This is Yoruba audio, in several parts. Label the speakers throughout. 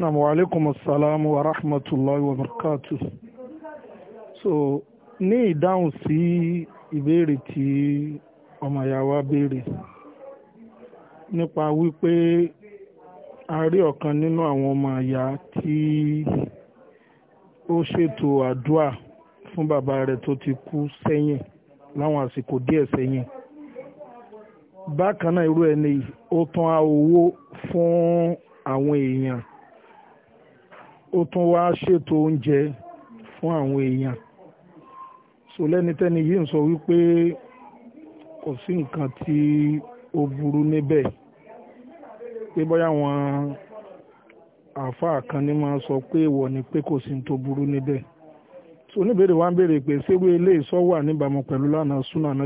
Speaker 1: Naam wa alaikum wa rahmatullahi wa barakatuh. So ní ìdáhùn sí ìbéèrè tí ọmọ ìyá wa béèrè nípa wípé a rí ọ̀kan nínú àwọn ọmọ ìyá tí ó ṣètò àdúà fún bàbá rẹ̀ tó ti kú sẹ́yìn láwọn àsìkò díẹ̀ sẹ́yìn bákan náà irú ẹni ó tán owó fún àwọn èèyàn ó tún wá ṣètò oúnjẹ fún àwọn èèyàn so lẹ́nitẹ́ni yìí ń sọ wípé kò sí nǹkan tí ó burú níbẹ̀ pé bóyá àwọn àáfàá kan ní máa sọ pé ìwọ ni pé kò sí tó burú níbẹ̀ so oníbèrè wa ń béèrè pé ilé wà níbàámu pẹ̀lú lánàá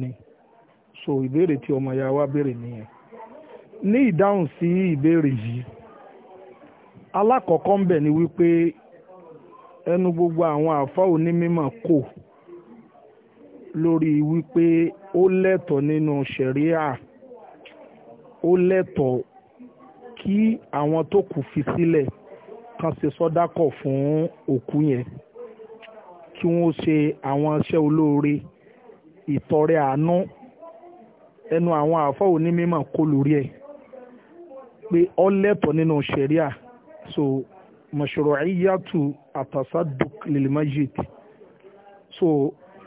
Speaker 1: ni. so ìbéèrè tí ọmọ ya wa béèrè nìyẹn ní ìdáhùn sí ìbéèrè yìí alákọ̀ọ́kọ́ ń bẹ̀ ni wípé ẹnu gbogbo àwọn àfa onímọ̀ kò lórí wípé ó lẹ́tọ̀ọ́ nínú ṣẹ̀ríà ó lẹ́tọ̀ọ́ kí àwọn tó kù fi sílẹ̀ kan ṣe sọ́dákọ̀ fún òkú yẹn kí wọ́n ṣe àwọn iṣẹ́ olóore ìtọrẹ àánú ẹnu àwọn àfọ́ òní mímọ̀ kó lórí ẹ̀ pé ọlẹ́tọ̀ nínú ṣẹ̀ríà so mashru'iyatu atasadduq lil masjid so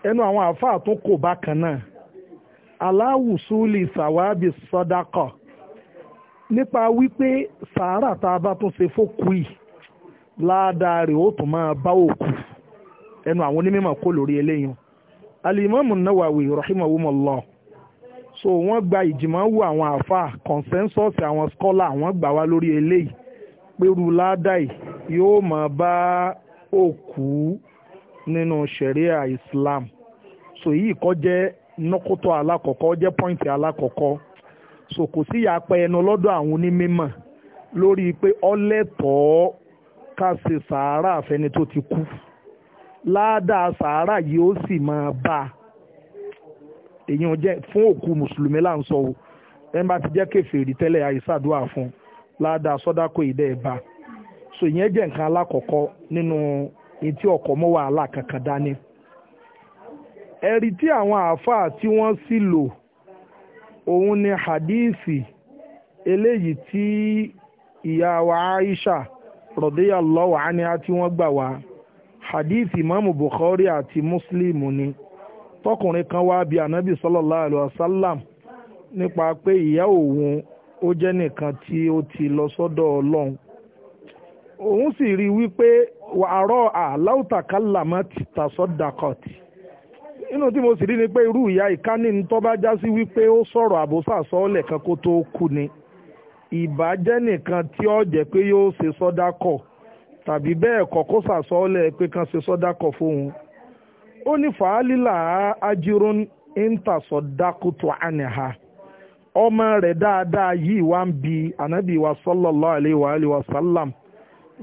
Speaker 1: ẹnu àwọn àfọ́ àtúnkò bákan náà aláwùsúlì sàwábì sàdákà nípa wípé sàárà tá a bá tún ṣe fókù yìí ládàá rẹ̀ ó tún máa bá òkú ẹnu àwọn onímọ̀ kó lórí eléyìí alimami nawawi rahimahumullah so wọ́n gba ìjìmọ̀ wù àwọn àfa consensus àwọn scholar wọ́n gbà wá lórí eléyìí pẹ̀rù ládàá yóò máa bá òkú nínú sharia islam so yìí kọ́ jẹ́ nọ́kótó alákọ̀ọ́kọ́ jẹ́ pọ́ìntì alákọ̀ọ́kọ́ so kò sí ìyapa ẹnu lọ́dọ̀ àwọn onímọ̀ lórí pé ọlẹ́tọ̀ọ́ ká ṣe sàárà fẹ́ni tó ti kú ládàá sàárà yìí ó sì máa bá a èyàn jẹ́ fún òkú mùsùlùmí là ń sọ o ẹ̀ ń bá ti jẹ́ kèfèrí tẹ́lẹ̀ àìsàdúrà fún ládàá sọ́dákò ìdẹ́ ẹ̀bà so ìyẹn jẹ́ nǹkan alákọ̀ọ́kọ́ nínú etí ọkọ̀ mọ́ wàhálà kankan dání ẹ̀rí tí àwọn àáfàá tí wọ́n sì lò òun ni hadíìsì eléyìí tí ìyá wa Aisha rọ̀dẹ́yà lọ́wọ́ àníyá tí wọ́n gbà wá hadíìsì Imam Bukhari àti Muslim ni. tọkùnrin kan wá bí anabi sọlọlá alayhi wa nípa pé ìyá òun ó jẹ nìkan tí ó ti lọ sọ́dọ̀ ọlọ́run òun sì rí wípé àárọ̀ àláùtàkàlàmà ti tàsọ́dàkọ̀tì inú tí mo sì rí ni pé irú ìyá ìkánì ní bá já sí wípé kan kó tó kú ni ìbá jẹ́ nìkan tí ó jẹ́ pé yóò ṣe sọ́dákọ̀ tàbí bẹ́ẹ̀ sàsọ́ọ̀lẹ̀ pé kan ṣe ó ní fàálìlà ajírún intasọ̀dákùtù àníhà ọmọ rẹ̀ dáadáa yìí wá ń bi ànábì wa sallallahu alaihi wa alihi wa sallam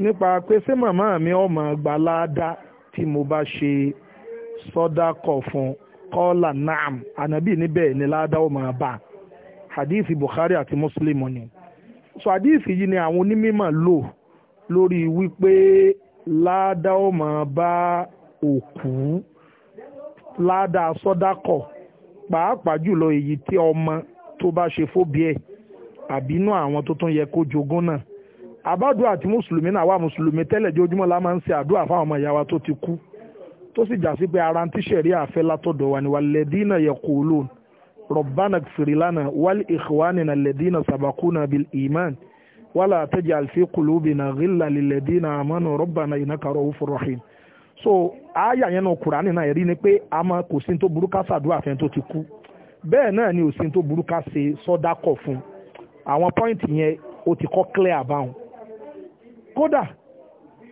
Speaker 1: nípa pé ṣé màmá mi ọmọ gbalada tí mo bá ṣe sọ́dákọ̀ fún kọ́là naam anabi níbẹ̀ ni ládàá ọmọ bá hadith Bukhari àti Muslim ni so hadith yìí ni àwọn onímọ̀ lò lórí wípé ládàá ọmọ bá òkú. ládàá sọ́dákọ̀ pàápàá jùlọ èyí tí ọmọ tó bá ṣe fóbi ẹ̀ àbínú àwọn tó tún yẹ kó jogún náà àbádùn àti mùsùlùmí náà wà mùsùlùmí tẹ́lẹ̀ jójúmọ́ la máa ń ṣe àdúrà fáwọn ọmọ ìyá wa tó ti kú tó sì jà sí pé ara ń tíṣẹ̀rí àfẹ́ látọ̀dọ̀ wa ni wà lẹ́dínà yẹ kó lò rọ̀bánà fìrìlánà wàl ìhùwánìnà lẹ́dínà sàbàkúnà bil iman wàlà àtẹ̀jẹ̀ àlfẹ́ kùlùbìnà gílà lẹ́dínà àmọ́nà rọ̀bánà ìnákàrọ̀ òfurahìn so àáyà yẹn náà kùránì náà ẹ̀rí ni pé a máa kò sí tó burú ká ṣàdúrà tó ti kú bẹ́ẹ̀ náà ni ò sí tó burú ká ṣe sọ́dákọ̀ fún àwọn pọ́ìntì yẹn ó ti kọ́ clear about kódà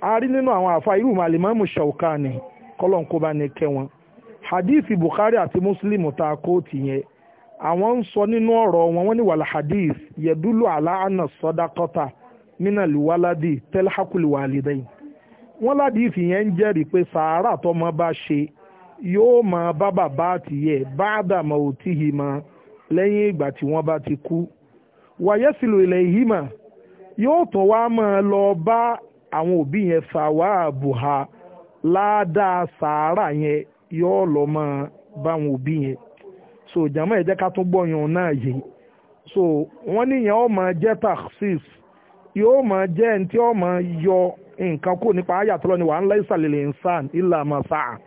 Speaker 1: a rí nínú àwọn àfa irú màlìmọ́mù Ṣaukani kọ́lọ́n kó bá kẹ́ wọn hadith Bukhari àti Muslim ta kóòtù yẹn àwọn ń sọ nínú ọ̀rọ̀ wọn wọ́n ní wàlá hadith yẹ̀dúlù àlá àna sọ́dákọ́ta mínàlúwáládì tẹ́lẹ̀ hákùlù wàlídẹ́yìn wọ́n ládìífì yẹn ń jẹ́rìí pé sàárà tọmọ bá ṣe yóò máa bá bàbá àtìyẹ bá àdàmọ̀ òtíhì mọ́ lẹ́yìn ìgbà tí wọ́n bá ti kú wàyẹ́sìlò ilẹ̀ mà yóò tún wá máa lọ bá àwọn òbí yẹn fàwa àbùhà ládàá sàárà yẹn yóò lọ máa bá àwọn òbí yẹn so jama ẹ̀ jẹ́ ká tún gbọ́yàn náà yìí so wọ́n níyẹn ó máa jẹ́ taxis yóò máa jẹ́ ẹni tí ó yọ nǹkan kù nípa ayàtọ́lọ́ ni wà ń láìsàlẹ̀ lè ń sàn ilà àmọ́ sáà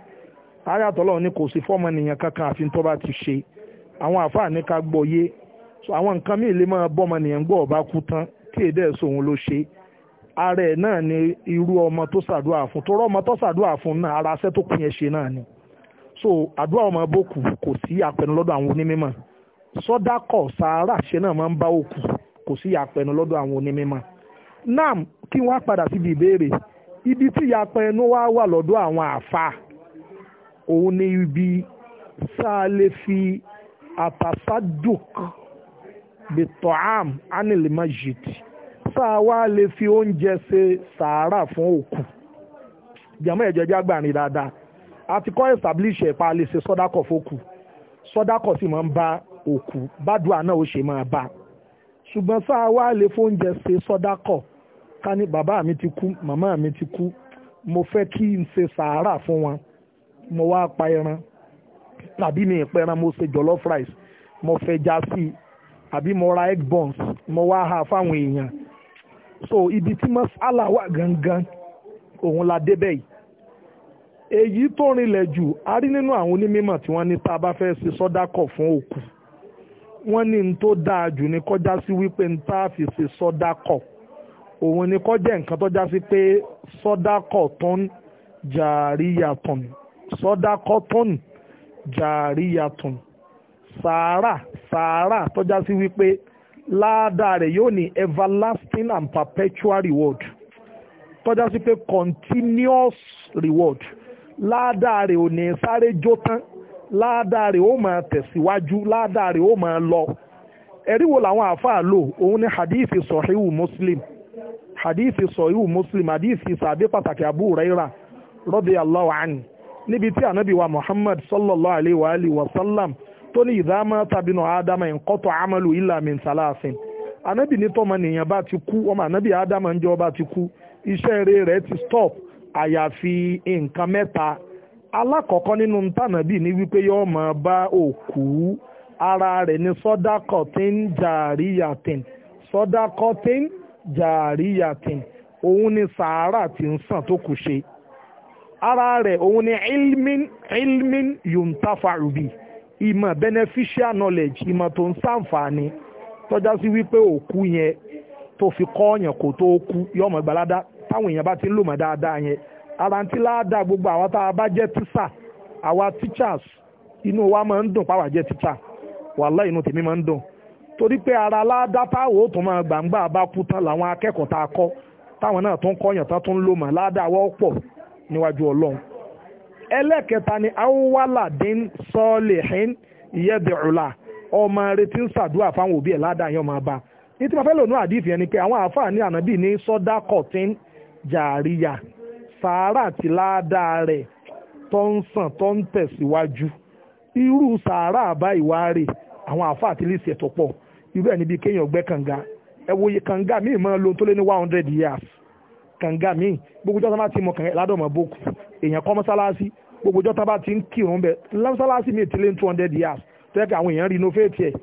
Speaker 1: ayàtọ́lọ́ ni kò sí fọ́ọ̀mù ènìyàn kankan àfi tó bá ti ṣe àwọn àfáà ní ká gbọ́ yé àwọn nǹkan míì lè máa bọ́ ọmọ ènìyàn gbọ́ ọba kú tán tí èdè ẹ̀sùn òun ló ṣe ara ẹ̀ náà ni irú ọmọ tó ṣàdúrà fún tó rọ́ọ̀mọ tó ṣàdúrà fún náà ara aṣẹ́ tó kún yẹn ṣe náà ni so àdúrà ọmọ bókù kò sí àpẹnu lọ́dọ̀ àwọn onímọ̀ sọ́dákọ̀ sàárà ṣe náà máa ń bá òkù kò sí àpẹnu lọ́dọ̀ àwọn onímọ̀ nam kí wọ́n á padà síbi ìbéèrè ibi tí ìyapa ẹnu wá wà lọ́dọ̀ àwọn àáfàá òun ni ibi sáà lè fi àtàsádùk bìtọ́ám ánìlímájìd sáà wá lè fi oúnjẹ ṣe sàárà fún òkú jàmọ́ ẹ̀jẹ̀ jágbà ní dáadáa àti kọ́ establish ẹ̀ pa lè ṣe sọ́dákọ̀ fókù sọ́dákọ̀ sì máa ń bá òkú bádùá náà ó ṣe máa bá ṣùgbọ́n sáà wá lè fóúnjẹ ṣe sọ́dákọ̀ ká ní bàbá mi ti kú màmá mi ti kú mo fẹ́ kí n ṣe sàárà fún wọn mo wá pa ẹran tàbí mi ìpẹran mo ṣe jollof rice mo fẹ́ já sí i àbí mo ra egg buns mo wá ha fáwọn èèyàn so ibi tí masala wà gangan òun la débẹ̀ yìí èyí tó rinlẹ̀ jù a rí nínú àwọn onímọ̀ tí wọ́n ní tá a bá fẹ́ ṣe sọ́dákọ̀ fún òkú wọ́n ní n tó dáa jù ní kọjá sí wípé n tá a fi ṣe sọ́dákọ̀. So, òun ni kọ́ jẹ́ nǹkan tó já sí pé sọ́dákọ̀ tó ń jàríyàtọ̀n sọ́dákọ̀ tó ń jàríyàtọ̀n sàárà sàárà tó já sí wípé ládàá rẹ̀ yóò ní everlasting and perpetual reward tó já sí pé continuous reward ládàá rẹ̀ ò ní sáré jó tán ládàá rẹ̀ ó máa tẹ̀síwájú ládàá rẹ̀ ó máa lọ ẹ̀rí wo làwọn àáfàá lò òun ni hadithi sọ̀híhù muslim hadithi sọ̀yù muslim hadithi sàbí pàtàkì abu huraira radiyallahu anhu níbi tí ànábì wa muhammad sallallahu alayhi wa alihi wa sallam tó ní ìdámá tàbínú ádámà ìkọ́tọ̀ amalu illa min salasin ànábì ní tọ́mọ nìyẹn bá ti kú ọmọ ànábì ádámà ń jẹ́ ọba ti kú iṣẹ́ eré rẹ̀ ti stop àyàfi nǹkan mẹ́ta alákọ̀ọ́kọ́ nínú tànàbì ní wípé yóò máa bá òkú ara rẹ̀ ní sọ́dákọ̀tín jàríyàtín sọ́dákọ̀tín jàríyàtìn òun ni sàárà ti ń sàn tó kù ṣe ara rẹ̀ òun ni ilmin ilmin yuntafa'u bi ìmọ̀ beneficial knowledge ìmọ̀ tó ń sàǹfààní tọ́já sí wípé òkú yẹn tó fi kọ́ ọ̀yàn kò tó kú yọmọ ìgbàládá táwọn èèyàn bá ti ń lò mọ̀ dáadáa yẹn ara ti láàdá gbogbo àwọn tá a bá jẹ́ àwa teachers inú wa máa ń dùn páwà jẹ́ teacher wàhálà inú tèmi máa ń dùn torí pé ara ládá táwọn ó máa bá kú làwọn akẹ́kọ̀ọ́ tá kọ́ táwọn náà tún kọ́yàn tán tún lò pọ̀ níwájú ọlọ́run ẹlẹ́kẹta ni sọ́ọ̀lẹ̀hìn ọmọ retí ń ṣàdúrà fáwọn òbí ládá yẹn máa bá ní tí wọ́n fẹ́ lò ni pé àwọn àáfàá ní ànábì ní sọ́dá kọ̀tín jàríyà sàárà rẹ̀ tó ń sàn tó ń tẹ̀síwájú irú sàárà àbá ìwárè àwọn àáfàá irú ẹ̀ níbi kéèyàn gbẹ́ kànga ẹ wo iye kànga míì máa lo tó lé ní one hundred years kànga míì gbogbo jọ́ta bá ti mọ kànga ládọ̀mọ̀ bókù èèyàn kọ́ mọ́sálásí gbogbo jọ́ta bá ti ń kírun bẹ̀ mọ́sálásí míì ti lé ní two hundred years tó yẹ kí àwọn èèyàn renovate ẹ̀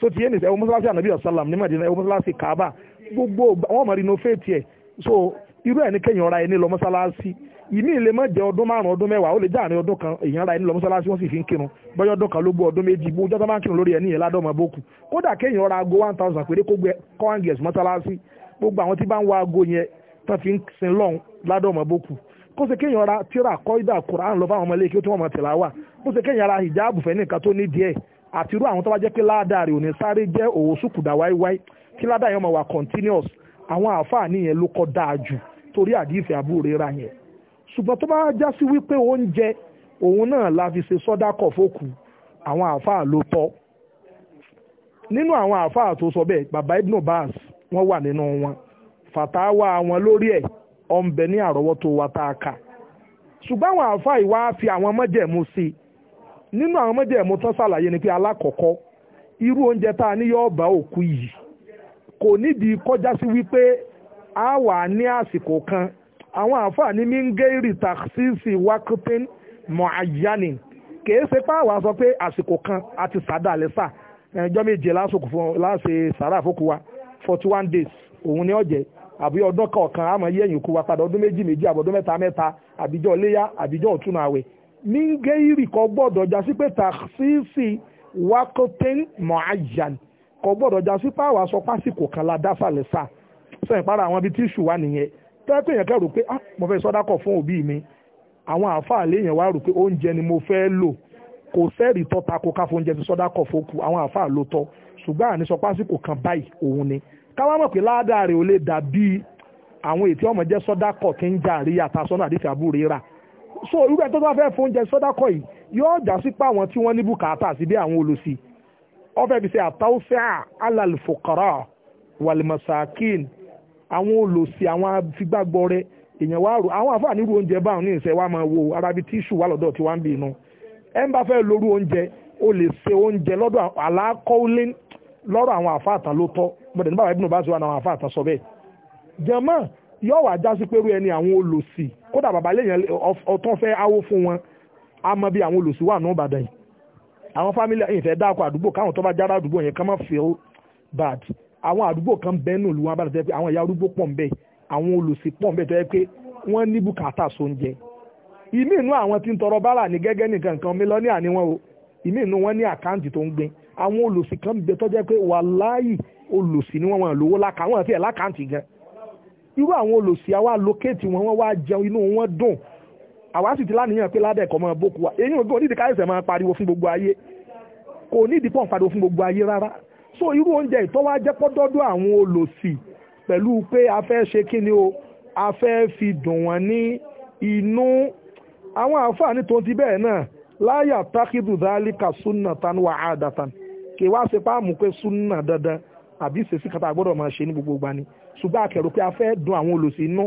Speaker 1: so ti yé nìsẹ́ ẹ wo mọ́sálásí ànábì ọ̀sálàm ní Mádínà ẹ wo mọ́sálásí Kaaba gbogbo àwọn ọmọ renovate ẹ̀ so irú ẹ̀ ní kéèyàn ra ẹni lọ mọ́sálásí ìmí ìlé mọ́ jẹ́ ọdún márùn ọdún mẹ́wàá ó lè jẹ́ àárín ọdún kan èèyàn ra ẹni lọ mọ́sálásí wọ́n sì fi ń kírun bọ́yọ́ ọdún kan ló gbó ọdún méjì bó jọ́tọ́ máa ń kírun lórí ẹni yẹn ládọ́mọ bókù kódà kéèyàn ra aago one thousand péré kó gbé kọ́ńgẹ̀s mọ́sálásí gbogbo àwọn tí bá ń wá aago yẹn tán fi ń sin lọ́hùn ládọ́mọ bókù kó se kéèyàn ra tíra kọ́ídà kuran lọ fáwọn ọmọ ilé kí ó tún ọmọ tìlá wà kó se continuous àwọn àáfàá yẹn ló kọ́ dáa jù torí àdìfẹ́ àbúrera yẹn ṣùgbọ́n tó bá já sí wípé oúnjẹ òun náà la fi ṣe sọ́dá kọ̀ fókù àwọn àfáà ló tọ́ nínú àwọn àfáà tó sọ bẹ́ẹ̀ bàbá ibn wọ́n wà nínú wọn wọn lórí ẹ̀ ọ̀nbẹ ní wa tá a kà ṣùgbọ́n àwọn fi àwọn mọ́jẹ̀mú sí i nínú àwọn mọ́jẹ̀mú tán ni pé alákọ̀ọ́kọ́ irú oúnjẹ tá a ní kò nídìí kọjá sí wípé a wà ní àsìkò kan àwọn àǹfààní mi ń gé ìrìtà sísì wákúpín mọ̀ayánì kìí ṣe pé àwa sọ pé àsìkò kan àti sàdá lẹ́sà ẹjọ́ méje lásìkò fún láṣẹ sàrà fókù wa forty one days òun ni ọ̀jẹ̀ àbí ọdún kọ̀ọ̀kan àmọ́ yẹ̀yìn kú wa padà ọdún méjì méjì àbọ̀dún mẹ́ta mẹ́ta àbíjọ́ léyà àbíjọ́ ọ̀túnú àwẹ̀ mí ń gbọ́dọ̀ jásí pé tàṣíṣì wákúpín mọ̀ayánì kò gbọ́dọ̀ já sí páàwà sọ pásìkò kan la dá sàlẹ̀ sà sọ ìpara àwọn ibi tí ìṣù wà nìyẹn tẹ́pẹ́ yẹn kẹ́rù pé ah mo fẹ́ sọ́dákọ̀ fún òbí mi àwọn àáfàá léèyàn wá rò pé oúnjẹ ni mo fẹ́ lò kò sẹ́ẹ̀rì tọ́ ta kó káfọ́ oúnjẹ ti sọ́dákọ̀ fókù àwọn àáfàá ló tọ́ ṣùgbọ́n àní sọ pásìkò kan báyìí òun ni káwá mọ̀ pé ládàá rẹ̀ ò lè dà bíi àwọn ètí ọmọ jẹ́ sọ́dákọ̀ tí ń jà rí àtàsọ́nà àdìsí àbúrò rà so irú ẹ̀ tó bá fẹ́ fún oúnjẹ sọ́dákọ̀ yìí yóò jà sí pa àwọn tí wọ́n ní bùkátà sí àwọn olùsí ọfẹ́ bí sẹ́ àtàwọ́sẹ́ alàlùfọ̀kọ́rà wàlùmọ̀sákìn àwọn olòṣì àwọn afigbágbọ́ rẹ èèyàn wá rò àwọn àfáà nírú oúnjẹ báwọn ní ìṣẹ́ wa máa wo arabi tíṣù wà lọ́dọ̀ tí wọ́n ń bì inú ẹ ń bá fẹ́ lórú oúnjẹ o lè ṣe oúnjẹ lọ́dọ̀ àlàkọ́ọ́lé lọ́rọ̀ àwọn àfáà tán ló tọ́ gbọ́dọ̀ nígbà ìbùnú bá ti wà àwọn àfáà tán sọ bẹ́ẹ̀ jẹ́mọ́ yóò wá já sí ẹni àwọn olòṣì kódà bàbá lẹ́yìn ọtọ́ fẹ́ áwó fún wọn á mọ bí àwọn olòṣì wà ní Ìbàdàn yìí àwọn fámílì ìfẹ́ dáko àdúgbò káwọn tó bá jára àdúgbò yẹn kàn má feel bad àwọn àdúgbò kan bẹ́ẹ̀ nù lùwọ́n abájọ́ pé àwọn ìyá arúgbó pọ̀ ń bẹ àwọn olùsìn pọ̀ ń bẹ tó yẹ pé wọ́n ní bùkátà sóúnjẹ ìmí inú àwọn tí ń tọrọ bára ní gẹ́gẹ́ nìkan kan mílíọ̀nìà ni wọ́n o ìmí inú wọn ní àkáǹtì tó ń gbin àwọn olùsìn kan bẹ tó jẹ́ pé wàláyì olùsìn ni wọ́n wọn lówó láka wọn àti ẹ̀ lákàǹtì gan irú àwọn olùsìn àwa lókèétì wọn wọ́n wá jẹun inú wọn dùn àwa sì ti láníyàn pé ládẹ̀ kọ́ bókú wa èyí ògbó onídìí káyọ̀sẹ̀ máa pariwo fún gbogbo ayé kò nídìí pọ̀ pariwo fún gbogbo ayé rárá so irú oúnjẹ ìtọ́wá jẹ́ pọ́dọ́dọ́ àwọn olòṣì pẹ̀lú pé a fẹ́ ṣe kí ni o a fẹ́ fi dùn wọ́n ní inú àwọn àǹfààní tó ti bẹ́ẹ̀ náà láyà tákìdù dálíkà súnà tanwa àdàtàn kì wá ṣe páàmù pé súnà dandan àbí ìṣesí kata gbọ́dọ̀ máa ṣe ní gbogbo gbani ṣùgbọ́n akẹ̀rò pé a fẹ́ dùn àwọn olòṣì inú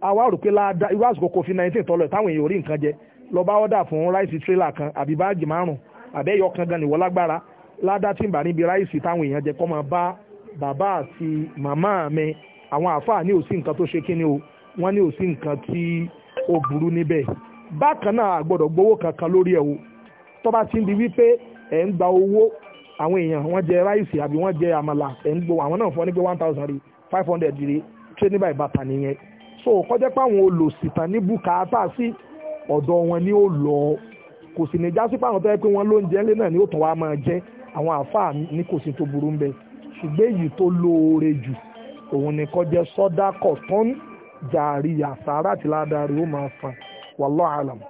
Speaker 1: àwa rò pé láàdá irú àsìkò covid nineteen tọ́lọ̀ táwọn èèyàn ò rí nǹkan jẹ lọ bá ọ̀dà fún ráìsì tírélà kan àbí báàgì márùn-ún àbẹ́yọ kan gan nìwọ́ lágbára ládá tí ń bà níbi ráìsì táwọn èèyàn jẹ kọ́ máa bá bàbá àti màmá mi àwọn àáfàá ní òsì nǹkan tó ṣe kí ni o wọ́n ní òsì nǹkan tí ó burú níbẹ̀ bákan náà àgbọ̀dọ̀ gbowó kankan lórí ẹ̀ o tó bá ti ń bi wípé ẹ̀ ń gba owó àwọn èèyàn wọ́n jẹ ráìsì àbí wọ́n jẹ àmàlà ẹ̀ ń gbowó àwọn náà fún ọ one thousand five hundred rè training by bàtà nìyẹn so kọjá pé àwọn olòṣìtàn ní bùkátà sí ọ̀dọ̀ wọn ni ó lọ kò sì ní jásí pé àwọn tó yẹ pé wọ́n ló ń jẹ lé náà ni ó tàn wá máa jẹ àwọn àáfàá ní kò sí tó burú ń bẹ ṣùgbọ́n èyí tó lóore jù òun ni kọjá sọ́dá kọ̀tọ́n jàrí àsárá àti ládàrí ó máa fà wallahu alam.